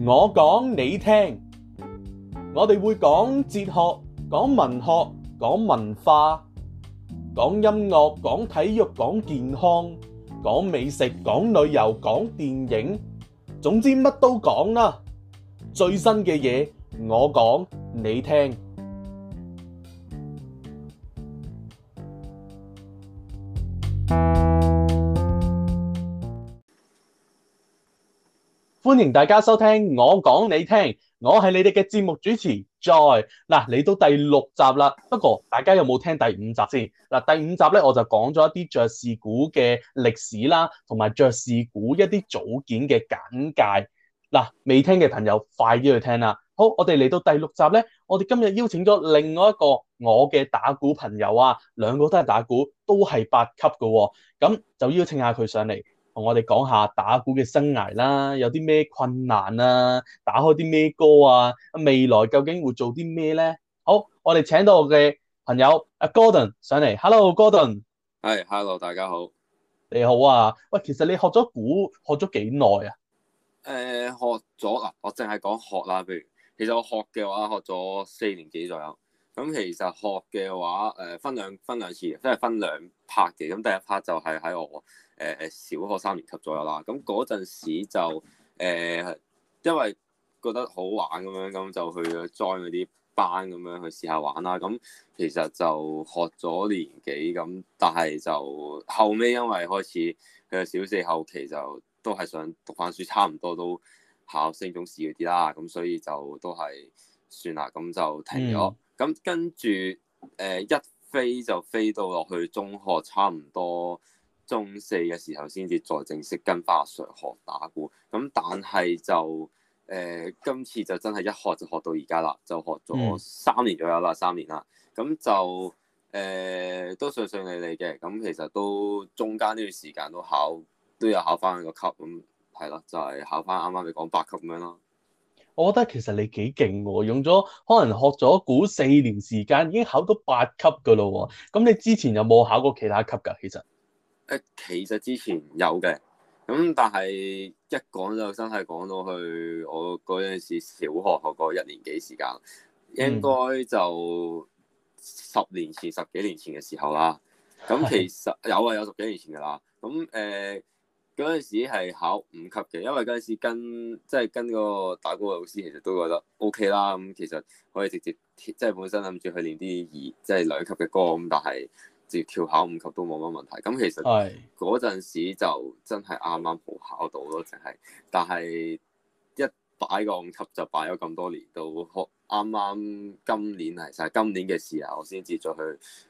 我講你聽，我哋會講哲學、講文學、講文化、講音樂、講體育、講健康、講美食、講旅遊、講電影，總之乜都講啦。最新嘅嘢，我講你聽。歡迎大家收聽我講你聽，我係你哋嘅節目主持 Joy。嗱，嚟到第六集啦，不過大家有冇聽第五集先？嗱，第五集咧我就講咗一啲爵士鼓嘅歷史啦，同埋爵士鼓一啲組件嘅簡介。嗱，未聽嘅朋友快啲去聽啦。好，我哋嚟到第六集咧，我哋今日邀請咗另外一個我嘅打鼓朋友啊，兩個都係打鼓，都係八級㗎喎，咁就邀請下佢上嚟。同我哋講下打鼓嘅生涯啦，有啲咩困難啊？打開啲咩歌啊？未來究竟會做啲咩咧？好，我哋請到我嘅朋友阿 Gordon 上嚟。Hello，Gordon。係，Hello，大家好。你好啊。喂，其實你學咗鼓，學咗幾耐啊？誒、呃，學咗啊，我淨係講學啦。譬如，其實我學嘅話，學咗四年幾左右。咁其實學嘅話，誒，分兩分兩次，即係分兩 part 嘅。咁第一 part 就係喺我。誒誒、呃，小學三年級左右啦，咁嗰陣時就誒、呃，因為覺得好玩咁樣，咁就去 join 嗰啲班咁樣去試下玩啦。咁其實就學咗年幾咁，但係就後尾因為開始佢小四後期就都係想讀返書，差唔多都考升中試嗰啲啦，咁所以就都係算啦，咁就停咗。咁、嗯、跟住誒、呃、一飛就飛到落去中學，差唔多。中四嘅時候先至再正式跟阿 s i 學打鼓，咁但係就誒、呃、今次就真係一學就學到而家啦，就學咗三年左右啦，三年啦，咁就誒、呃、都順順利利嘅，咁其實都中間段時間都考都有考翻個級，咁係咯，就係考翻啱啱你講八級咁樣咯。我覺得其實你幾勁喎，用咗可能學咗估四年時間，已經考到八級噶啦喎，咁你之前有冇考過其他級㗎？其實？其實之前有嘅，咁但係一講就真係講到去我嗰陣時小學學過一年幾時間，嗯、應該就十年前、十幾年前嘅時候啦。咁其實是有啊，有十幾年前噶啦。咁誒嗰陣時係考五級嘅，因為嗰陣時跟即係跟個打鼓老師，其實都覺得 OK 啦。咁其實可以直接，即係本身諗住去練啲二即係兩級嘅歌，咁但係，直接跳考五級都冇乜問題，咁其實嗰陣時就真係啱啱好考到咯，淨係是，但係一擺個五級就擺咗咁多年，到學啱啱今年係晒，就是、今年嘅時候我先至再去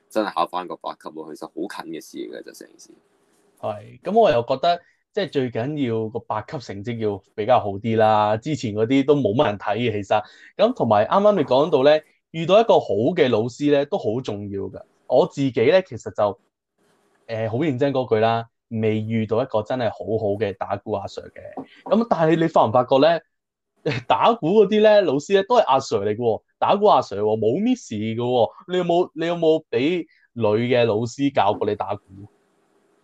真係考翻個八級，其實好近嘅事嘅就成件事。係，咁、就是就是、我又覺得即係最緊要個八級成績要比較好啲啦，之前嗰啲都冇乜人睇嘅，其實，咁同埋啱啱你講到咧，遇到一個好嘅老師咧都好重要㗎。我自己咧，其實就誒好、呃、認真嗰句啦，未遇到一個真係好好嘅打鼓阿 sir 嘅。咁但係你發唔發覺咧？打鼓嗰啲咧老師咧都係阿 sir 嚟嘅喎，打鼓阿 sir 喎、哦，冇 miss 嘅喎。你有冇你有冇俾女嘅老師教過你打鼓？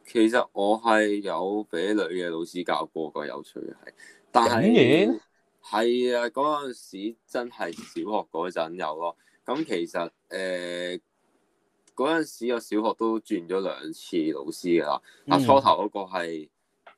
其實我係有俾女嘅老師教過，個有趣嘅係，但當然係啊。嗰陣時真係小學嗰陣有咯。咁其實誒。呃嗰陣時我小學都轉咗兩次老師嘅啦，嗱、嗯、初頭嗰個係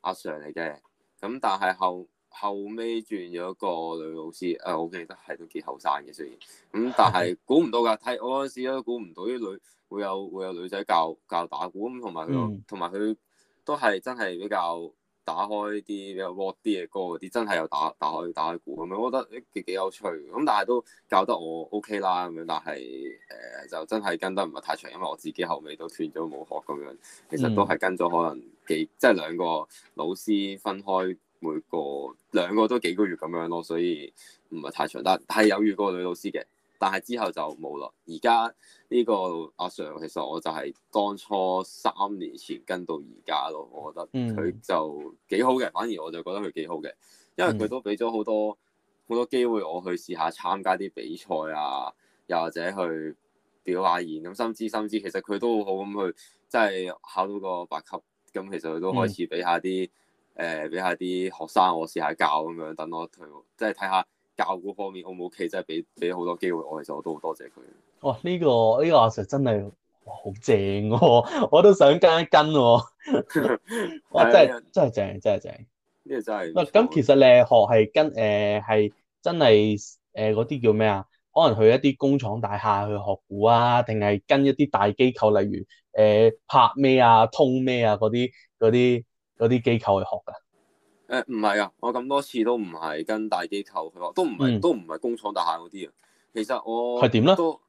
阿 Sir 嚟嘅，咁但係後後尾轉咗一個女老師，誒、啊、我記得係都幾後生嘅，雖然咁但係估唔到㗎，睇、嗯、我嗰時都估唔到啲女會有會有女仔教教打鼓，咁同埋佢同埋佢都係真係比較。打開啲比較 rock 啲嘅歌啲，真係有打打開打開鼓咁樣，我覺得幾幾有趣。咁但係都教得我 OK 啦咁樣，但係誒、呃、就真係跟得唔係太長，因為我自己後尾都斷咗冇學咁樣。其實都係跟咗可能幾即係兩個老師分開，每個兩個都幾個月咁樣咯，所以唔係太長。但係有遇過女老師嘅。但係之後就冇啦。而家呢個阿 Sir 其實我就係當初三年前跟到而家咯，我覺得佢就幾好嘅。嗯、反而我就覺得佢幾好嘅，因為佢都俾咗好多好、嗯、多機會我去試下參加啲比賽啊，又或者去表下言咁。甚至甚至其實佢都好咁去，即係考到個八級，咁、嗯嗯、其實佢都開始俾下啲誒俾下啲學生我試下教咁樣，等我退，即係睇下。教鼓方面 O 唔 O K，真係俾俾好多機會，我其實我都好多謝佢、這個這個。哇！呢個呢個阿 Sir 真係好正喎、啊，我都想跟一跟喎、啊。 哇！真係真係正，真係正、啊。呢個真係、啊。咁其實你學係跟誒係、呃、真係誒嗰啲叫咩啊？可能去一啲工廠大廈去學鼓啊，定係跟一啲大機構，例如誒、呃、拍咩啊、通咩啊嗰啲啲啲機構去學㗎？誒唔係啊！我咁多次都唔係跟大機構，佢話都唔係、嗯、都唔係工廠大廈嗰啲啊。其實我係點咧？都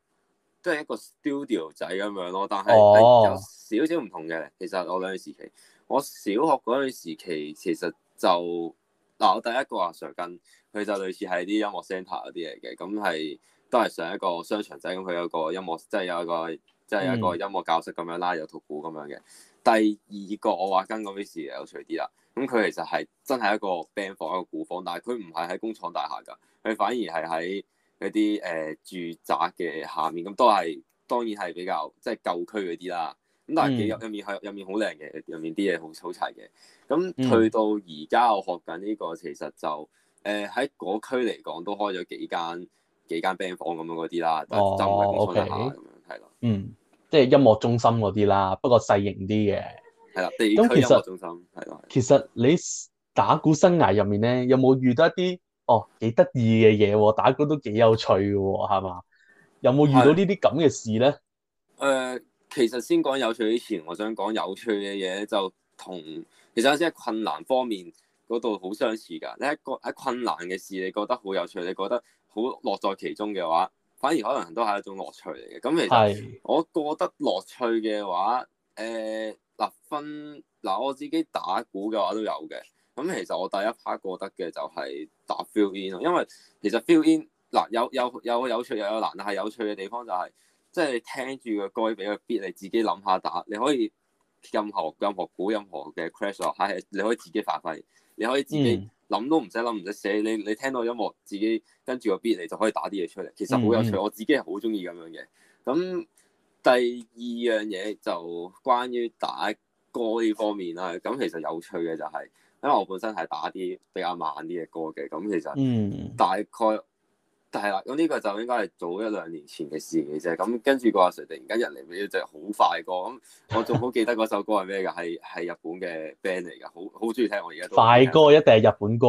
即係一個 studio 仔咁樣咯，但係、哦欸、有少少唔同嘅。其實我兩段時期，我小學嗰段時期其實就嗱、啊，我第一個阿 sir 跟佢就類似係啲音樂 centre 嗰啲嚟嘅，咁係都係上一個商場仔咁，佢有個音樂即係、即係、有一個即係、即係一,即係、一個音樂教室咁樣啦，有套鼓咁樣嘅。第二個我話跟嗰啲事有趣啲啦，咁、嗯、佢其實係真係一個 band 房一個鼓房，但係佢唔係喺工廠大廈㗎，佢反而係喺一啲誒、呃、住宅嘅下面，咁都係當然係比較即係舊區嗰啲啦。咁但係入入面係入、嗯、面好靚嘅，入面啲嘢好齊嘅。咁去、嗯嗯、到而家我學緊呢、這個，其實就誒喺嗰區嚟講都開咗幾間幾間 band 房咁樣嗰啲啦，但就唔係工廠大廈咁樣係咯，哦、okay，嗯。即係音樂中心嗰啲啦，不過細型啲嘅係啦。地區音樂中心。咁其實，係嘅其實你打鼓生涯入面咧，有冇遇到一啲哦幾得意嘅嘢？打鼓都幾有趣嘅，哦，係嘛？有冇遇到這這呢啲咁嘅事咧？誒、呃，其實先講有趣以前，我想講有趣嘅嘢就同其實有啲喺困難方面嗰度好相似噶。你一個喺困難嘅事，你覺得好有趣，你覺得好樂在其中嘅話。反而可能都係一種樂趣嚟嘅。咁其實我覺得樂趣嘅話，誒是，立、呃、分嗱、呃、我自己打鼓嘅話都有嘅。咁其實我第一 part 過得嘅就係打 fill in 咯，因為其實 fill in 嗱、呃、有有有有趣又有，有難，但係有趣嘅地方就係即係你聽住個歌俾個 beat 你自己諗下打，你可以任何任何鼓任何嘅 crash 落，你可以自己發揮，你可以自己。嗯諗都唔使諗，唔使寫，你你聽到音樂，自己跟住個 beat 嚟就可以打啲嘢出嚟，其實好有趣，我自己係好中意咁樣嘅。咁第二樣嘢就關於打歌呢方面啦。咁其實有趣嘅就係，因為我本身係打啲比較慢啲嘅歌嘅，咁其實大概。係啦，咁呢個就應該係早一兩年前嘅事嘅啫。咁跟住個阿 Sir 突然間入嚟咪俾咗隻好快歌，咁我仲好記得嗰首歌係咩噶？係係 日本嘅 band 嚟噶，好好中意聽。我而家快歌一定係日本歌，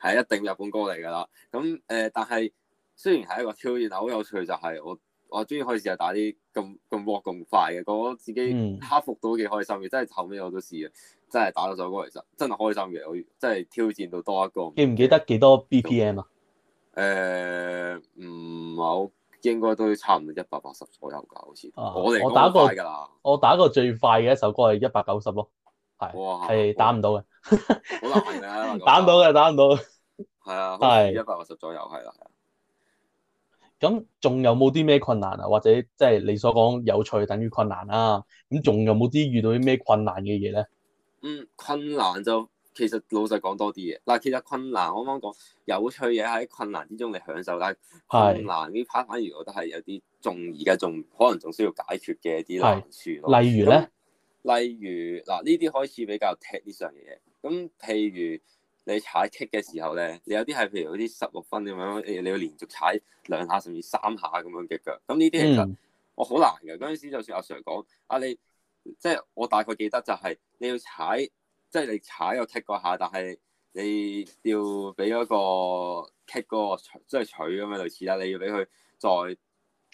係一定日本歌嚟噶啦。咁誒、呃，但係雖然係一個挑戰，但好有趣就係我我中意可以試下打啲咁咁 rock 咁快嘅，覺得自己克服到幾開心嘅。真係後尾我都試咗，真係打咗首歌其實真係開心嘅。我真係挑戰到多一個，記唔記得幾多 BPM 啊？誒，唔好、呃，應該都差唔多一百八十左右噶，好似、啊、我我打過，我打過最快嘅一首歌係一百九十咯，係，係打唔到嘅、 啊，好難嘅，打唔到嘅，打唔到，係啊，係一百八十左右，係啦是，係啊。咁仲有冇啲咩困難啊？或者即係、就是、你所講有趣等於困難啊？咁仲有冇啲遇到啲咩困難嘅嘢咧？嗯，困難就。其實老實講多啲嘅，嗱，其實困難，我啱啱講有趣嘢喺困難之中嚟享受，但係困難呢是 part 反而我覺得係有啲仲而家仲可能仲需要解決嘅一啲難處咯。例如咧，例如嗱呢啲開始比較踢呢上嘅嘢，咁譬如你踩踢嘅時候咧，你有啲係譬如嗰啲十六分咁樣，你要連續踩兩下甚至三下咁樣嘅腳，咁呢啲其實我好、嗯哦、難嘅。嗰陣時就算阿 Sir 講啊你，你即係我大概記得就係你要踩。即係你踩個 kick 嗰下，但係你要俾嗰個 kick 嗰、那個即係、就是、取咁樣類似啦。你要俾佢再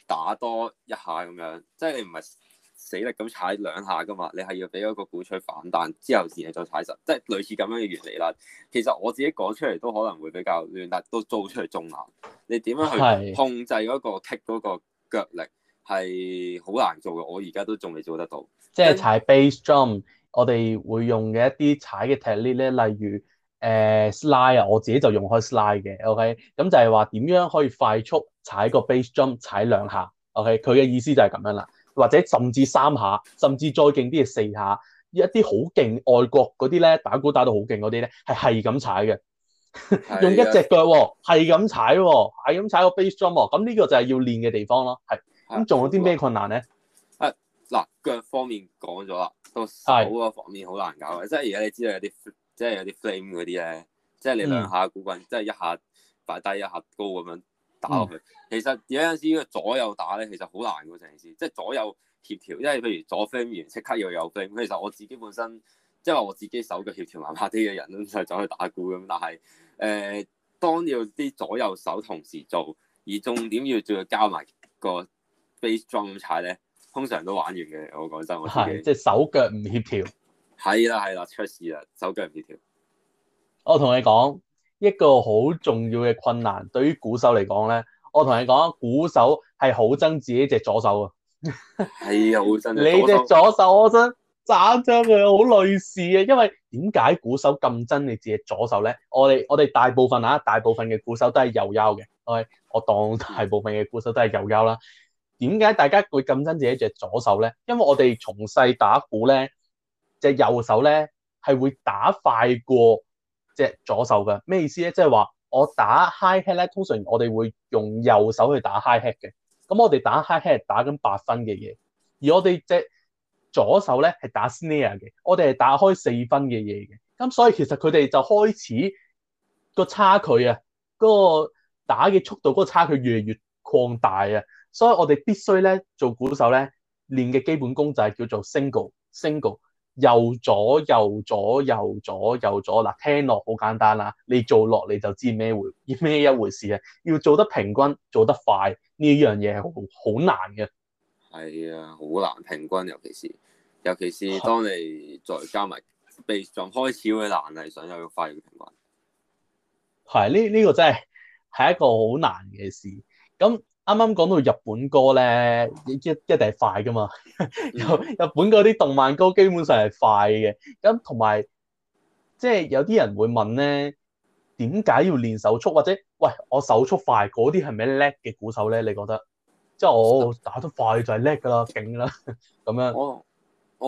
打多一下咁樣，即係你唔係死力咁踩兩下噶嘛，你係要俾嗰個鼓取反彈之後先係再踩實，即係類似咁樣嘅原理啦。其實我自己講出嚟都可能會比較亂，但都做出嚟仲難。你點樣去控制嗰個 kick 嗰個腳力係好是難做嘅，我而家都仲未做得到。即係踩 bass drum。我哋會用嘅一啲踩嘅踢 l 咧，例如誒、呃、slide 啊，我自己就用開 slide 嘅，OK，咁就係話點樣可以快速踩個 base jump 踩兩下，OK，佢嘅意思就係咁樣啦，或者甚至三下，甚至再勁啲嘅四下，一啲好勁外國嗰啲咧，打鼓打到好勁嗰啲咧，係係咁踩嘅， 用一隻腳喎，係咁踩，係咁踩個 base jump，咁、哦、呢個就係要練嘅地方咯，係，咁仲有啲咩困難咧？嗱，腳方面講咗啦，到手嗰方面好難搞，是即係而家你知道有啲即係有啲 flam 嗰啲咧，即係你兩下鼓棍，嗯、即係一下擺低，一下高咁樣打落去、嗯其打。其實有陣時個左右打咧，其實好難喎，成件事，即係左右協調。因為譬如左 flam 完，即刻要右 flam。其實我自己本身即係話我自己手腳協調麻麻啲嘅人，就走、是、去打鼓咁。但係誒、呃，當要啲左右手同時做，而重點要仲要加埋個 bass drum 踩咧。通常都玩完嘅，我講真我自己，即係 手腳唔協調。係啦係啦，出事啦，手腳唔協調。我同你講，一個好重要嘅困難，對於鼓手嚟講咧，我同你講，鼓手係好憎自己隻左手啊。係啊，好憎。你隻左手，我真斬將佢好類似啊。因為點解鼓手咁憎你自己左手咧？我哋我哋大部分吓，大部分嘅鼓手都係右腰嘅。我、OK? 我當大部分嘅鼓手都係右腰啦。點解大家會咁憎自己隻左手咧？因為我哋從細打鼓咧，隻右手咧係會打快過隻左手㗎。咩意思咧？即係話我打 high hat 咧，通常我哋會用右手去打 high hat 嘅。咁我哋打 high hat 打緊八分嘅嘢，而我哋隻左手咧係打 snare 嘅。我哋係打開四分嘅嘢嘅。咁所以其實佢哋就開始個差距啊，嗰個打嘅速度嗰個差距越嚟越擴大啊！所以我哋必須呢，做鼓手呢練嘅基本功就係叫做 single single，右左右左右左右左。嗱，聽落好簡單啦，你做落你就知咩會咩一回事啊！要做得平均，做得快呢樣嘢，係好好難嘅。係啊，好難平均，尤其是尤其是當你再加埋，比仲開始會難，係想有個快嘅平均。係呢呢個真係係一個好難嘅事，咁、嗯。啱啱講到日本歌咧，一一定係快噶嘛。 日本嗰啲動漫歌基本上係快嘅。咁同埋即係有啲、就是、人會問咧，點解要練手速？或者喂，我手速快嗰啲係咪叻嘅鼓手咧？你覺得即係、就是、我打得快就係叻噶啦，勁啦咁樣。我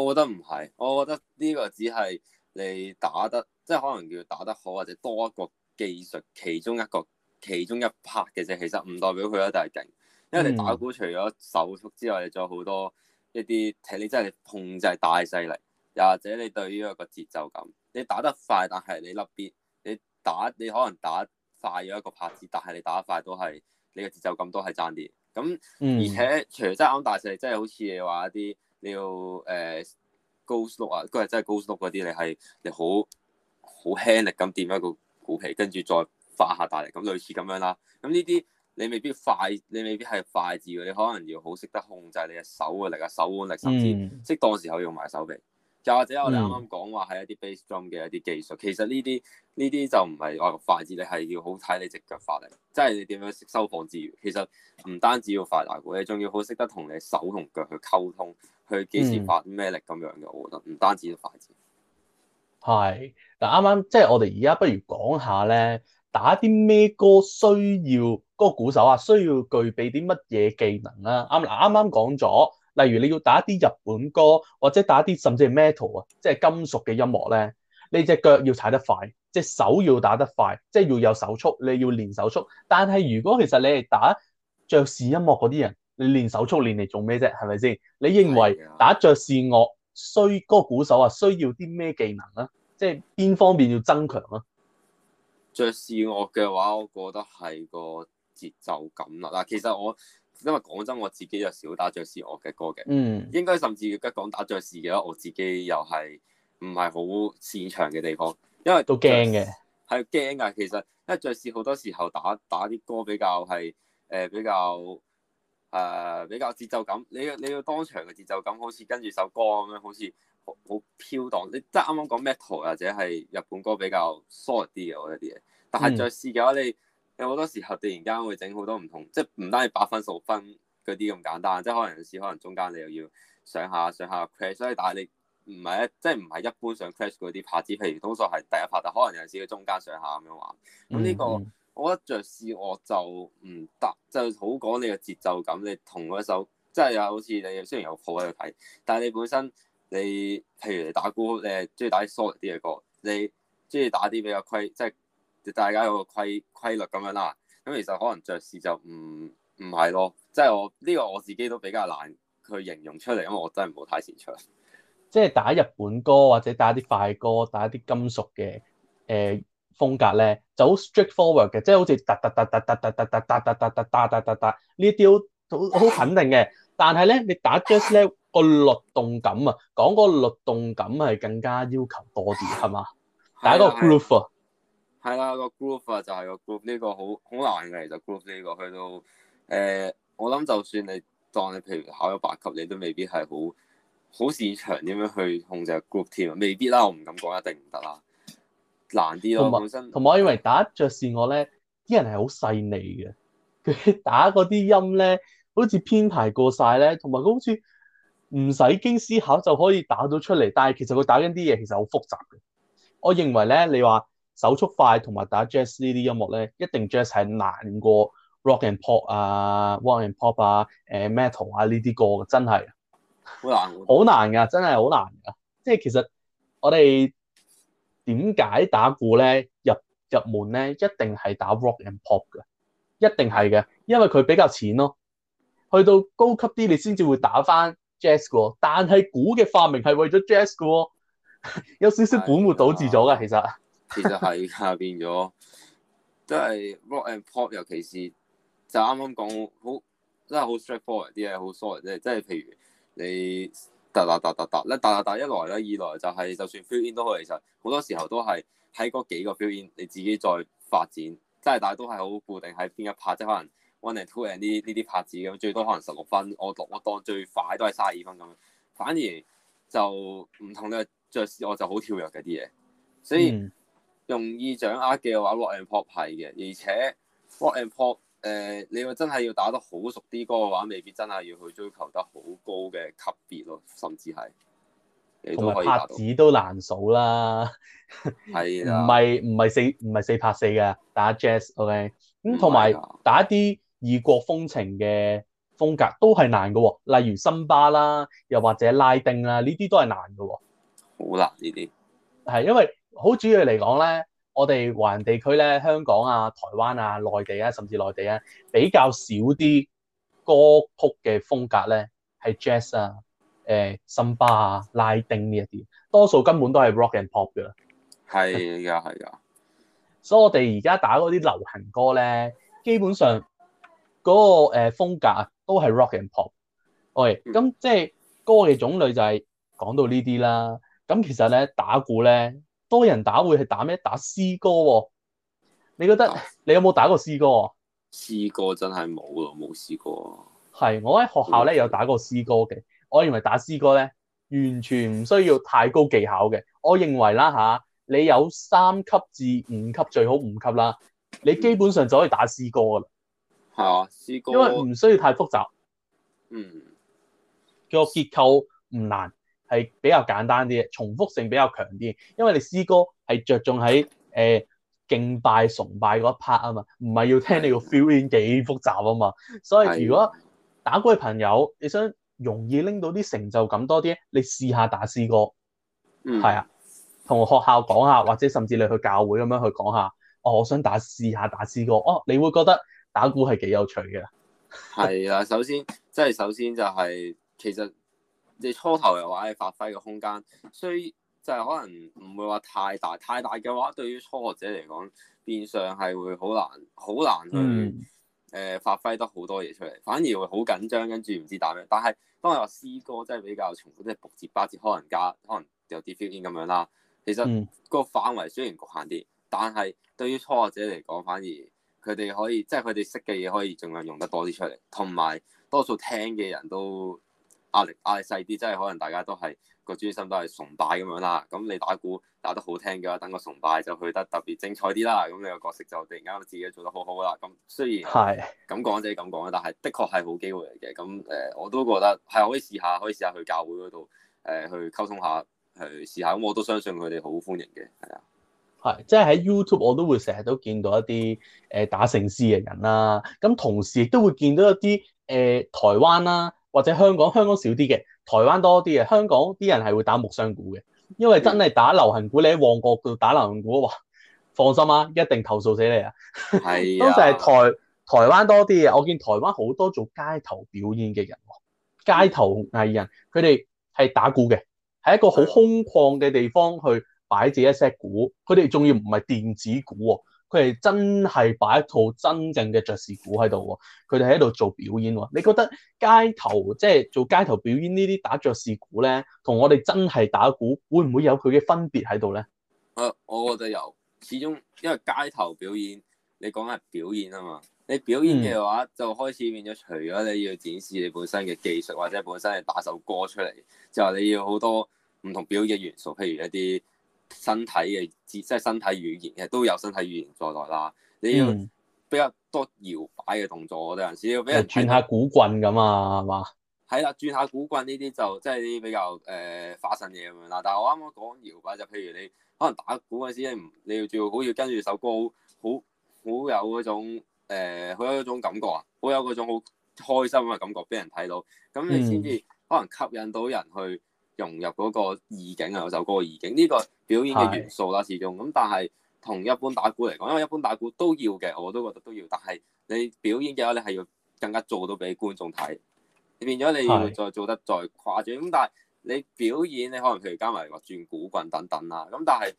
我覺得唔係，我覺得呢個只係你打得即係、就是、可能叫打得好，或者多一個技術其中一個。其中一拍嘅啫，其實唔代表佢一定係勁，因為你打鼓除咗手速之外，你仲有好多一啲睇，你真係控制大細力。又或者你對於一個節奏感，你打得快，但係你甩邊，你打你可能打快咗一個拍子，但係你打得快都係你嘅節奏感都係爭啲。咁而且除咗真啱大細力，真係好似你話啲你要誒 ghost 啊，嗰日真係 ghost 嗰啲，你係你好好輕力咁掂一個鼓皮，跟住再。發下大力咁，類似咁樣啦。咁呢啲你未必快，你未必係快字嘅，你可能要好識得控制你嘅手嘅力啊、手腕力，甚至適、嗯、當時候用埋手臂。又或者我哋啱啱講話係一啲 base drum 嘅一啲技術，嗯、其實呢啲呢啲就唔係話快字，你係要好睇你隻腳發力，即係你點樣收放自如。其實唔單止要快打鼓，你仲要好識得同你手同腳去溝通，去幾時發咩力咁樣嘅。嗯、我覺得唔單止要快字係，但啱啱即係我哋而家不如講下咧。打啲咩歌需要嗰個鼓手啊？需要具備啲乜嘢技能啊？啱嗱，啱啱講咗，例如你要打啲日本歌，或者打啲甚至係 metal 啊，即係金屬嘅音樂咧，你隻腳要踩得快，隻手要打得快，即係要有手速，你要練手速。但係如果其實你係打爵士音樂嗰啲人，你練手速練嚟做咩啫？係咪先？你認為打爵士樂需嗰個鼓手啊，需要啲咩技能啊？即係邊方面要增強啊？爵士樂嘅話，我覺得係個節奏感啦。嗱，其實我因為講真，我自己就少打爵士樂嘅歌嘅，嗯，應該甚至要吉講打爵士嘅話，我自己又係唔係好擅長嘅地方，因為都驚嘅，係驚噶。其實因為爵士好多時候打打啲歌比較係誒、呃、比較誒、呃、比較節奏感，你要你要當場嘅節奏感，好似跟住首歌咁樣，好似。好漂蕩，你即係啱啱講 Metal 或者係日本歌比較 so 弱啲嘅，我覺得啲嘢。但係爵士嘅話，你有好多時候突然間會整好多唔同，即係唔單止八分、十六分嗰啲咁簡單，即係可能有陣時可能中間你又要上下上下 crash。所以但係你唔係一，即係唔係一般上 crash 嗰啲拍子，譬如通常係第一拍，但可能有陣時佢中間上下咁樣玩。咁呢個我覺得爵士我就唔得，就好講你個節奏感，你同一首即係又好似你雖然有譜喺度睇，但係你本身。你譬如你打鼓，你係中意打啲 soul 嘅啲嘅歌，你中意打啲比較規，即係大家有個規規律咁樣啦。咁其實可能爵士就唔唔係咯，即係我呢個我自己都比較難去形容出嚟，因為我真係唔好太擅長。即係打日本歌或者打啲快歌，打啲金屬嘅誒風格咧，就好 straightforward 嘅，即係好似噠噠噠噠噠噠噠噠噠噠噠噠噠噠噠呢啲好好肯定嘅。但係咧，你打爵士咧？個律動感啊，講個律動感係更加要求多啲，係嘛？ 打一個 groove 啊，係啦， 個 groove 啊就係個 groove 呢個好好難嘅，其實 groove 呢個去到誒，我諗就算你當你譬如考咗八級，你都未必係好好擅長點樣去控制 groove 添啊，未必啦，我唔敢講一定唔得啦，難啲咯，本身同埋我以為打爵士我咧啲人係好細膩嘅，佢打嗰啲音咧好似編排過晒咧，同埋佢好似。唔使經思考就可以打到出嚟，但係其實佢打緊啲嘢其實好複雜嘅。我認為咧，你話手速快同埋打 jazz 呢啲音樂咧，一定 jazz 係難過 rock and pop 啊、rock and pop 啊、誒、欸、metal 啊呢啲歌嘅，真係好難，好難㗎，真係好難㗎。即係其實我哋點解打鼓咧入入門咧，一定係打 rock and pop 嘅，一定係嘅，因為佢比較淺咯。去到高級啲，你先至會打返。Jazz 但係鼓嘅發明係為咗 Jazz 嘅喎，有少少本末倒置咗嘅其實。其實係下 變咗，即、就、係、是、Rock and Pop，尤其是就啱啱講好，真係好 Straightforward 啲嘢，好 Simple 啫，即係譬如你，噠噠噠噠噠，一噠噠噠一來啦，二來就係、是、就算 Fill in 都好，其實好多時候都係喺嗰幾個 Fill in，你自己再發展，即係但係都係好固定喺邊一拍，即可能。One and two and 呢呢啲拍子咁，最多可能十六分，我當我當最快都係卅二分咁。反而就唔同你爵士，我就好跳躍嘅啲嘢，所以、嗯、容易掌握嘅話 rock and pop 係嘅，而且 rock and pop 誒、呃，你話真係要打得好熟啲歌嘅話，未必真係要去追求得好高嘅級別咯，甚至係你都可以打到。同埋拍子都難數啦，係啊 的，唔係唔係四唔係四拍四嘅打 jazz，ok 咁同埋打啲。異國風情嘅風格都係難嘅喎、哦，例如森巴啦，又或者拉丁啦，呢啲都係難嘅喎、哦。好難呢啲，係因為好主要嚟講咧，我哋華人地區咧，香港啊、台灣啊、內地啊，甚至內地啊，比較少啲歌曲嘅風格咧，係 jazz 啊、誒、呃、森巴啊、拉丁呢一啲，多數根本都係 rock and pop 㗎啦。係㗎，係㗎。 所以我哋而家打嗰啲流行歌咧，基本上。嗰個誒風格都係 rock and pop，喂，咁、okay，即係歌嘅種類就係講到呢啲啦。咁其實咧，打鼓咧，多人打會係打咩？打詩歌喎、哦。你覺得你有冇打過詩歌？詩歌真係冇咯，冇試過。係我喺學校咧有打過詩歌嘅。我認為打詩歌咧，完全唔需要太高技巧嘅。我認為啦嚇、啊，你有三級至五級，最好五級啦，你基本上就可以打詩歌啦。係啊，詩歌因為唔需要太複雜，嗯，個結構唔難，係比較簡單啲，重複性比較強啲。因為你詩歌係着重喺誒、呃、敬拜崇拜嗰一 part 啊嘛，唔係要聽你個 feeling 幾複雜啊嘛。的所以如果打鼓嘅朋友，你想容易拎到啲成就感多啲，你試下打詩歌，係啊、嗯，同學校講下，或者甚至你去教會咁樣去講下，哦，我想打試下打詩歌，哦，你會覺得。打鼓係幾有趣嘅，係 啊。首先，即係首先就係、是，其實你初頭嘅話揮，你發揮嘅空間雖就係可能唔會話太大，太大嘅話，對於初學者嚟講，變相係會好難，好難去誒、呃、發揮得好多嘢出嚟，反而會好緊張，跟住唔知打咩。但係當係話師哥，即係比較重即係卜節八節，可能加可能有啲 fill in 咁樣啦。其實個範圍雖然局限啲，但係對於初學者嚟講，反而。佢哋可以，即係佢哋識嘅嘢可以盡量用得多啲出嚟，同埋多數聽嘅人都壓力壓力細啲，即係可能大家都係個專心都係崇拜咁樣啦。咁你打鼓打得好聽嘅話，等個崇拜就去得特別精彩啲啦。咁你個角色就突然間自己做得好好啦。咁雖然係咁講就係咁講啦，但係的確係好機會嚟嘅。咁誒、呃、我都覺得係可以試下，可以試下去教會嗰度誒去溝通下，去試下。咁我都相信佢哋好歡迎嘅，係啊。係，即係喺 YouTube 我都會成日都見到一啲誒、呃、打城獅嘅人啦、啊。咁同時亦都會見到一啲誒、呃、台灣啦、啊，或者香港，香港少啲嘅，台灣多啲嘅。香港啲人係會打木箱鼓嘅，因為真係打流行鼓，你喺旺角度打流行鼓啊，放心啊，一定投訴死你啊。係啊，當時係台台灣多啲嘅，我見台灣好多做街頭表演嘅人，街頭藝人，佢哋係打鼓嘅，喺一個好空曠嘅地方去。擺自己一套鼓，佢哋仲要唔係電子鼓喎、哦，佢係真係擺一套真正嘅爵士鼓喺度喎，佢哋喺度做表演喎、哦。你覺得街頭即係、就是、做街頭表演呢啲打爵士鼓咧，同我哋真係打鼓，會唔會有佢嘅分別喺度咧？誒、啊，我覺得由始終因為街頭表演，你講緊係表演啊嘛，你表演嘅話就開始變咗，除咗你要展示你本身嘅技術，或者本身係打首歌出嚟，就話你要好多唔同表演元素，譬如一啲。身體嘅，即係身體語言，嘅，都有身體語言在內啦。你要比較多搖擺嘅動作，我哋有陣時要俾人轉下鼓棍咁啊，係嘛？係啦，轉下鼓棍呢啲就即係啲比較誒花、呃、臣嘢咁樣啦。但係我啱啱講搖擺就，譬如你可能打鼓嗰時，你要最好跟住首歌，好好好有嗰種誒、好、呃、有嗰種感覺啊，好有嗰種好開心嘅感覺俾人睇到，咁你先至可能吸引到人去。嗯融入嗰個意境啊，嗰首歌嘅意境呢、呢個表演嘅元素啦，是始終咁，但係同一般打鼓嚟講，因為一般打鼓都要嘅，我都覺得都要。但係你表演嘅話，你係要更加做到俾觀眾睇，變咗你要再做得再誇張。咁是但係你表演，你可能譬如加埋話轉鼓棍等等啦。咁但係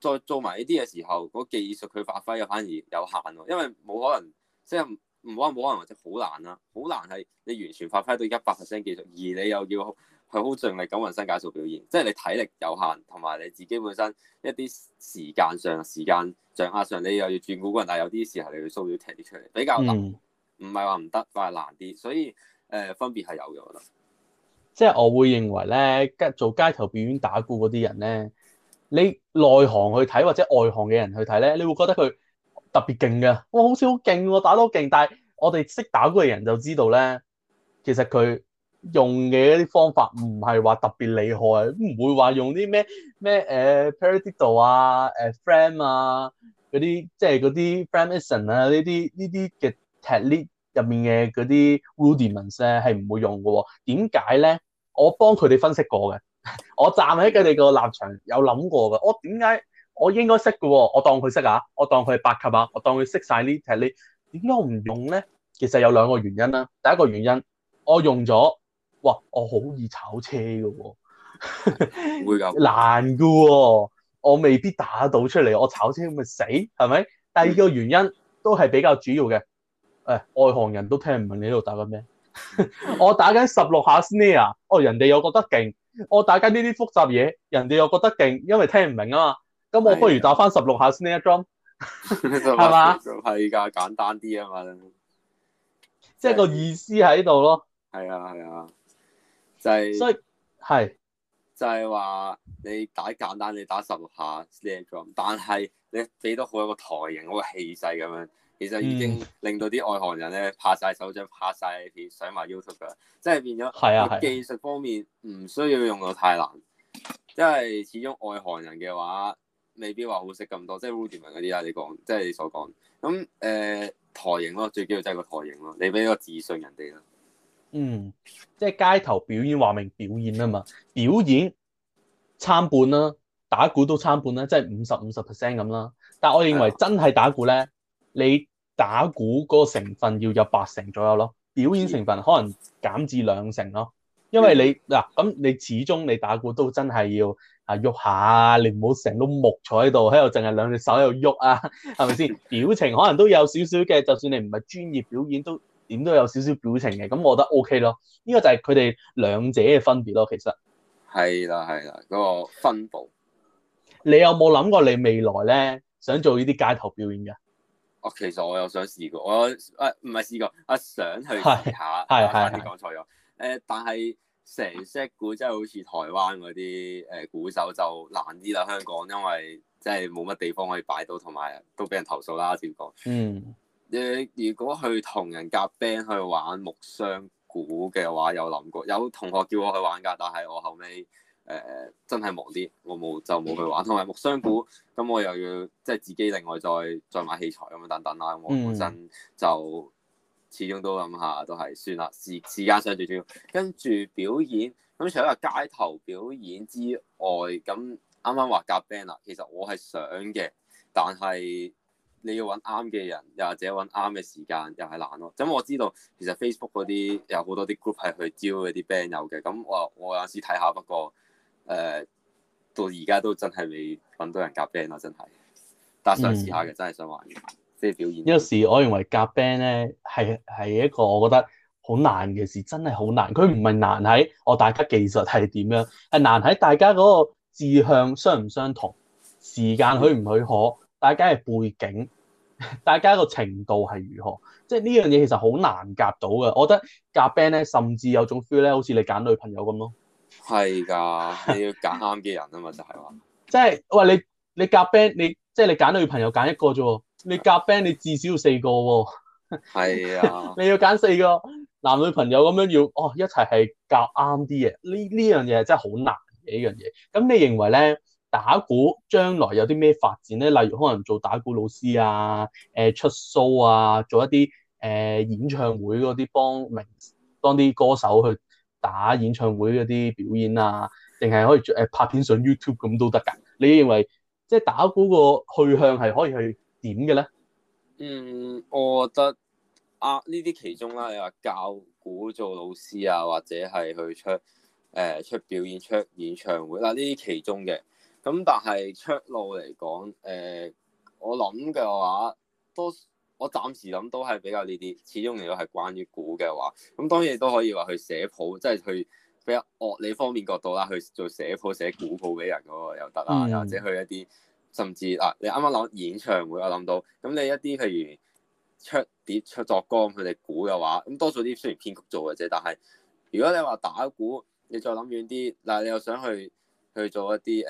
再做埋呢啲嘅時候，個技術佢發揮又反而有限喎，因為冇可能，即係唔冇可能，或者好難啊，好難係你完全發揮到一百 percent 技術，而你又要。佢好盡力咁渾身解數表現，即係你體力有限，同埋你自己本身一啲時間上、時間掌握上，你又要轉鼓嗰陣，但係有啲時候你要數表踢啲出嚟，比較難。唔係話唔得，但係難啲，所以誒、呃、分別係有嘅，我覺得。即係我會認為咧，做街頭表演打鼓嗰啲人咧，你內行去睇或者外行嘅人去睇咧，你會覺得佢特別勁嘅。我好似好勁，我打到勁，但係我哋識打鼓嘅人就知道咧，其實佢。用嘅一啲方法唔係話特別厲害，唔會話用啲咩咩誒 paradiddle 啊，誒 frame 啊嗰啲，即係嗰啲 framing 啊，呢啲呢啲嘅 tally 入面，嘅嗰啲 rudiments 咧係唔會用嘅。點解咧？我幫佢哋分析過嘅，我站喺佢哋個立場有諗過噶。我點解我應該識嘅？我當佢識啊，我當佢係八級啊，我當佢識晒呢 tally，點解我唔用咧？其實有兩個原因啦。第一個原因，我用咗。哇！我好易炒車嘅喎、哦，唔會㗎，難嘅喎、哦，我未必打到出嚟。我炒車咁咪死，係咪？第二個原因都係比較主要嘅。誒、哎，外行人都聽唔明你喺度打緊咩、 哦？我打緊十六下 snare，哦，人哋又覺得勁。我打緊呢啲複雜嘢，人哋又覺得勁，因為聽唔明啊嘛。咁、嗯、我不如打返十六下 snare drum，係嘛？係㗎，簡單啲啊嘛，即係 個意思喺度咯。係啊， 係啊。就係、係，所以就係話你打簡單，你打十六下，stand up。但係你俾到好一個台型，好個氣勢咁樣，其實已經令到啲外行人咧，拍晒手掌，拍晒片，上埋 YouTube 噶。即係變咗，係啊，啊技術方面唔需要用到太難，即係始終外行人嘅話，未必話好識咁多，即係 rudiment 嗰啲啦、啊。你講，即係你所講咁誒，台型咯，最緊要就係個台型咯，你俾一個自信人哋咯。嗯，即係街頭表演話明表演啊嘛，表演參半啦，打鼓都參半啦，即係五十五十 percent 咁啦。但我認為真係打鼓咧，你打鼓嗰個成分要有八成左右咯，表演成分可能減至兩成咯。因為你嗱咁， 啊、你始終你打鼓都真係要啊喐下，你唔好成個木坐喺度，喺度淨係兩隻手喺度喐啊，係咪先？表情可能都有少少嘅，就算你唔係專業表演都。點都有少少表情嘅，咁我覺得 OK 咯。呢個就係佢哋兩者嘅分別咯，其實。係啦，係啦，嗰、嗰個分佈。你有冇諗過你未來咧，想做呢啲街頭表演嘅？哦，其實我有想試過，我誒唔係試過，我、啊、想去試下，係，係你講錯咗。誒、呃，但係成 set 鼓真係好似台灣嗰啲誒鼓手就難啲啦。香港因為真係冇乜地方可以擺到，同埋都俾人投訴啦，照講？嗯。你如果去同人夾 band 去玩木箱鼓嘅話，有諗過？有同學叫我去玩㗎，但係我後尾誒、呃、真係忙啲，我冇就冇去玩。同埋木箱鼓咁，我又要即係自己另外再再買器材咁樣等等啦。咁我本身就始終都諗下，都係算啦，時時間上最主要。跟住表演咁，除咗街頭表演之外，咁啱啱話夾 band 啦，其實我係想嘅，但係。你要揾啱嘅人，又或者揾啱嘅時間，又係難咯。咁我知道其實 Facebook 嗰啲有好多啲 group 係去招嗰啲 band 友嘅。咁我我有時睇下，不過誒、呃、到而家都真係未揾到人夾 band 咯，真係。但想嘗試下嘅，真係想玩嘅，即係、嗯、表演。有時我認為夾 band 咧係係一個我覺得好難嘅事，真係好難。佢唔係難喺我大家技術係點樣，係難喺大家嗰個志向相唔相同，時間許唔許可。大家嘅背景，大家個程度係如何？即係呢樣嘢其實好難夾到嘅。我覺得夾 band 咧，甚至有種 feel 咧，好似你揀女朋友咁咯。係㗎的，你要揀啱嘅人啊嘛，就係話。即係喂，你你夾 band，你即係、就是、你揀女朋友揀一個啫喎。你夾 band，你至少要四個喎。係啊， 的 你要揀四個男女朋友咁樣要，哦一齊係夾啱啲嘢。呢呢樣嘢真係好難嘅呢樣嘢。咁你認為咧？打鼓將來有啲咩發展咧？例如可能做打鼓老師啊，誒、呃、出 show 啊，做一啲誒、呃、演唱會嗰啲幫名幫啲歌手去打演唱會嗰啲表演啊，定係可以誒、呃、拍片上 YouTube 咁都得㗎。你認為即係打鼓個去向係可以去點嘅咧？嗯，我覺得啊，呢啲其中啦、啊，你話教鼓做老師啊，或者係去出誒、呃、出表演出演唱會啦、啊，呢啲其中嘅。咁但係出路嚟講，誒、呃，我諗嘅話，多，我暫時諗都係比較呢啲，始終嚟講係關於鼓嘅話，咁當然都可以話去寫譜，即係去比較樂理方面角度啦，去做寫譜、寫鼓譜俾人嗰個又得啦，嗯、又或者去一啲，甚至嗱、啊，你啱啱諗演唱會，我諗到，咁你一啲譬如出碟、出作歌，佢哋鼓嘅話，咁多數啲雖然編曲做嘅啫，但係如果你話打鼓，你再諗遠啲，嗱，你又想去。去做一啲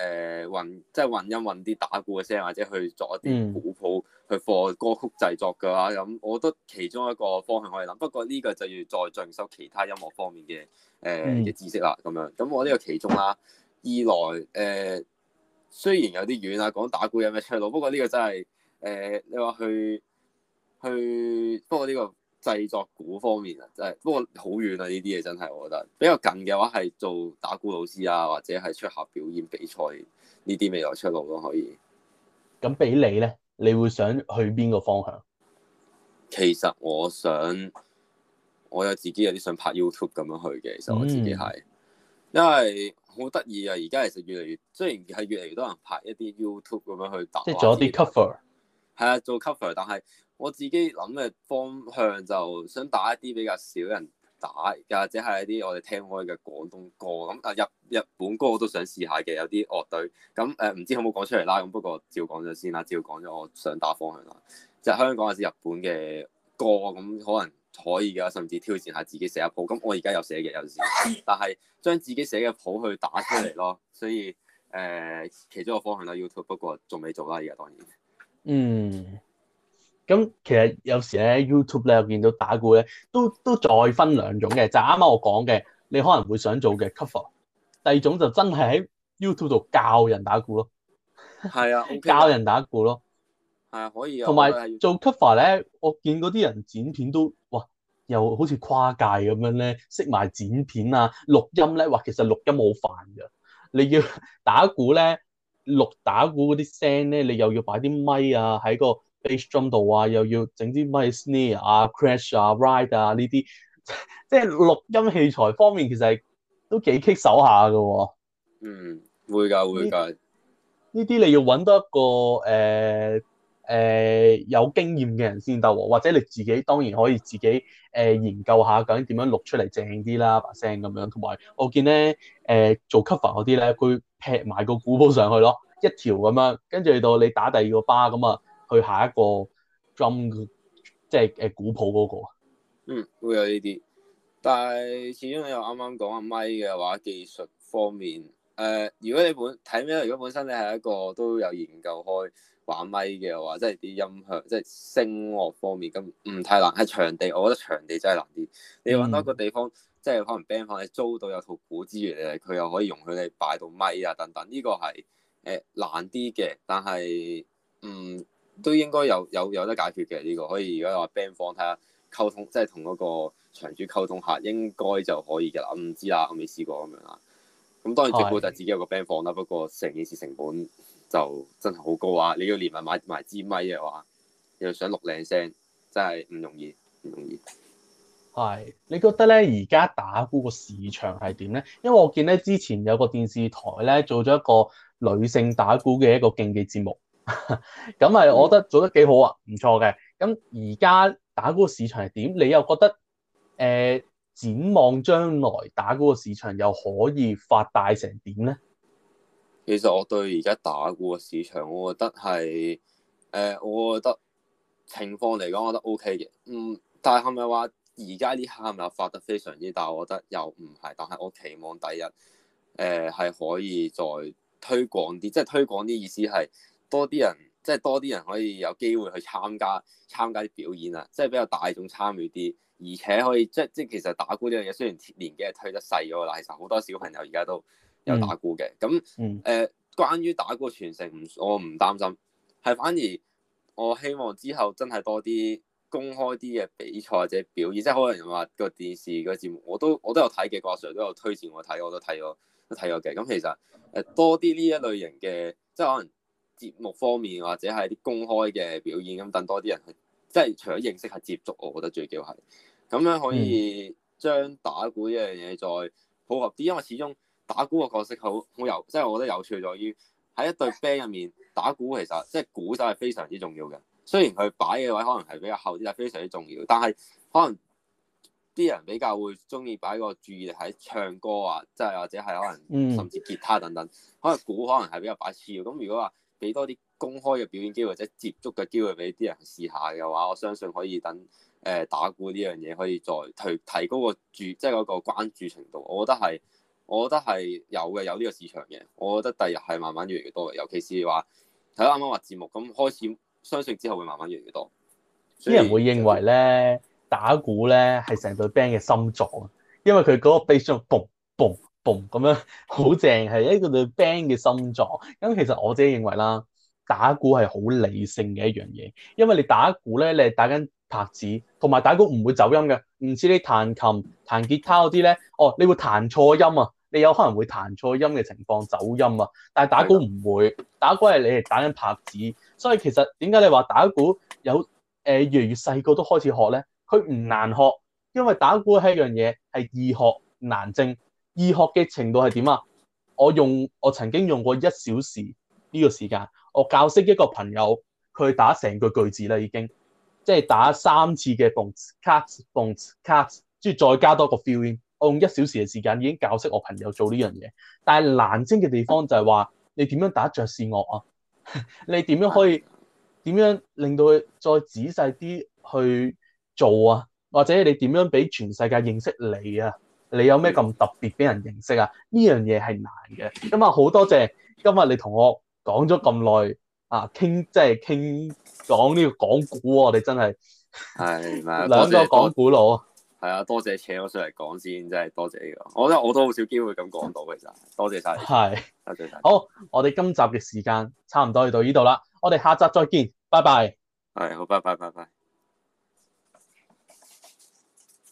誒混，即係混音混啲打鼓嘅聲，或者去做一啲鼓譜、mm. 去放歌曲製作嘅話，咁、嗯、我覺得其中一個方向可以諗。不過呢個就要再進修其他音樂方面嘅誒嘅知識啦。咁樣咁、嗯、我呢個其中啦。二來誒、呃，雖然有啲遠啊，講打鼓有咩出路？不過呢個真係誒、呃，你話去去，不過呢、呢個。製作鼓方面啊，真係不過好遠啊！呢啲嘢真係，我覺得比較近嘅話係做打鼓老師啊，或者係出下表演比賽呢啲咪有出路咯，可以。咁俾你咧，你會想去邊個方向？其實我想，我有自己有啲想拍 YouTube 咁樣去嘅，其實我自己係，嗯、因為好得意啊！而家其實越嚟越，雖然係越嚟越多人拍一啲 YouTube 咁樣去打即，即係做啲 cover。係啊，做 cover，但係。我自己諗嘅方向就想打一啲比較少人打，又或者係一啲我哋聽開嘅廣東歌咁啊，日日本歌我都想試下嘅，有啲樂隊咁誒，唔、呃、知可唔可以講出嚟啦。咁不過照講咗先啦，照講咗我想打方向啦，就係、香港或者日本嘅歌咁，可能可以㗎，甚至挑戰下自己寫一譜。咁我而家有寫嘅有時，但係將自己寫嘅譜去打出嚟咯。所以誒、呃，其中一個方向啦 YouTube，不過仲未做啦，而家當然嗯。咁其實有時咧 YouTube 咧，我見到打鼓咧，都都再分兩種嘅，就係啱啱我講嘅，你可能會想做嘅 cover。第二種就真係喺 YouTube 度教人打鼓咯，係啊，okay，教人打鼓咯，係啊，可以啊。同埋做 cover 咧，我見嗰啲人剪片都哇，又好似跨界咁樣咧，識埋剪片啊、錄音咧。話其實錄音好煩㗎，你要打鼓咧，錄打鼓嗰啲聲咧，你又要擺啲咪啊喺個。bass drum 度啊，又要整啲咩 snare 啊、crash 啊、ride 啊呢啲，即係錄音器材方面，其實係都幾棘手下噶、啊。嗯，會噶會噶，呢啲你要搵到一個誒誒、呃呃、有經驗嘅人先得、啊，或者你自己當然可以自己誒、呃、研究下究竟點樣錄出嚟正啲啦把聲咁樣。同埋我見咧，誒、呃、做 cover 嗰啲咧，佢劈埋個鼓煲上去咯，一條咁樣，跟住到你打第二個 bar 咁啊。去下一個 drum，即係誒鼓譜嗰、那個，嗯，會有呢啲。但係始終你又啱啱講下咪嘅話，技術方面，誒、呃，如果你本睇咩？如果本身你係一個都有研究開玩咪嘅話，即係啲音響，即係聲樂方面，咁唔太難。喺場地，我覺得場地真係難啲。你揾到一個地方，嗯、即係可能 band 房，你租到有套鼓之餘嚟，佢又可以容許你擺到咪啊等等。呢、這個係誒、呃、難啲嘅，但係唔。嗯都應該有有有得解決嘅呢個，可以而家話 band 房睇下溝通，即係同嗰個場主溝通下，應該就可以嘅啦。我唔知啊，我未試過咁樣啦。咁當然最好就自己有個 band 房啦，不過成件事成本就真係好高啊！你要連埋買埋支咪嘅話，又想錄靚聲，真係唔容易，唔容易。係，你覺得咧？而家打鼓個市場係點咧？因為我見咧之前有個電視台咧做咗一個女性打鼓嘅一個競技節目。咁啊， 我覺得做得幾好啊，唔錯嘅。咁而家打鼓個市場係點？你又覺得誒、呃、展望將來打鼓個市場又可以發大成點咧？其實我對而家打鼓個市場，我覺得係誒、呃，我覺得情況嚟講，我覺得 O K 嘅。嗯，但係係咪話而家呢刻係咪發得非常之大？我覺得又唔係，但係我期望第日誒係可以再推廣啲，即係推廣啲意思係。多啲人即係多啲人可以有機會去參加參加啲表演啊，即係比較大眾參與啲，而且可以即即其實打鼓呢樣嘢雖然年紀係推得細咗啦，其實好多小朋友而家都有打鼓嘅。咁誒，關於打鼓傳承唔我唔擔心，係反而我希望之後真係多啲公開啲嘅比賽或者表演，即係可能話個電視個節目我都我都有睇嘅，郭阿 Sir 都有推薦我睇，我都睇過都睇過嘅。咁其實誒、呃、多啲呢一類型嘅即係可能。節目方面或者係啲公開嘅表演咁，等多啲人去即係除咗認識，係接觸，我覺得最緊要係咁樣可以將打鼓呢樣嘢再普及啲，因為始終打鼓個角色好好有，即係我覺得有趣在於喺一隊 band 入面打鼓其實即係鼓手係非常之重要嘅。雖然佢擺嘅位可能係比較後啲，但係非常之重要。但係可能啲人比較會鍾意擺個注意力喺唱歌啊，即係或者係可能甚至結他等等，嗯、可能鼓可能係比較擺次要。咁如果話，俾多啲公開嘅表演機會，或者接觸嘅機會俾啲人試下嘅話，我相信可以等誒打鼓呢樣嘢可以再提提高個注，即係嗰個關注程度。我覺得係，我覺得係有嘅，有呢個市場嘅。我覺得第二日係慢慢越嚟越多嘅，尤其是話睇啱啱話節目咁開始，相信之後會慢慢越嚟越多。啲人會認為咧打鼓咧係成隊 band 嘅心臟，因為佢嗰個聲響 boom boom。咁樣好正，係一個對 band 嘅心臟。咁其實我自己認為啦，打鼓係好理性嘅一樣嘢，因為你打鼓咧，你係打緊拍子，同埋打鼓唔會走音嘅。唔似你彈琴、彈吉他嗰啲咧，哦，你會彈錯音啊，你有可能會彈錯音嘅情況走音啊。但係打鼓唔會，的打鼓係你係打緊拍子，所以其實點解你話打鼓有誒、呃、越嚟越細個都開始學咧？佢唔難學，因為打鼓係一樣嘢係易學難精。易學嘅程度係點啊？我用我曾經用過一小時呢個時間，我教識一個朋友佢打成個句，句子啦，已經即係打三次嘅 bounce cuts bounce cuts，即係再加多個 feeling。我用一小時嘅時間已經教識我朋友做呢樣嘢，但係難精嘅地方就係話你點樣打爵士樂啊？ 你點樣可以點樣令到佢再仔細啲去做啊？或者你點樣俾全世界認識你啊？你有咩咁特別俾人認識啊？呢樣嘢係難嘅。咁啊好多謝今日你同我講咗咁耐啊，傾即係傾講呢個講鼓啊！我哋真係係咪啊？講咗講鼓佬咯，係啊！多，多謝請我上嚟講先，真係多謝呢個。我真係我都好少機會咁講到嘅，其實。多謝晒。係多謝曬。好，我哋今集嘅時間差唔多去到呢度啦。我哋下集再見，拜拜。係好，拜拜，拜拜。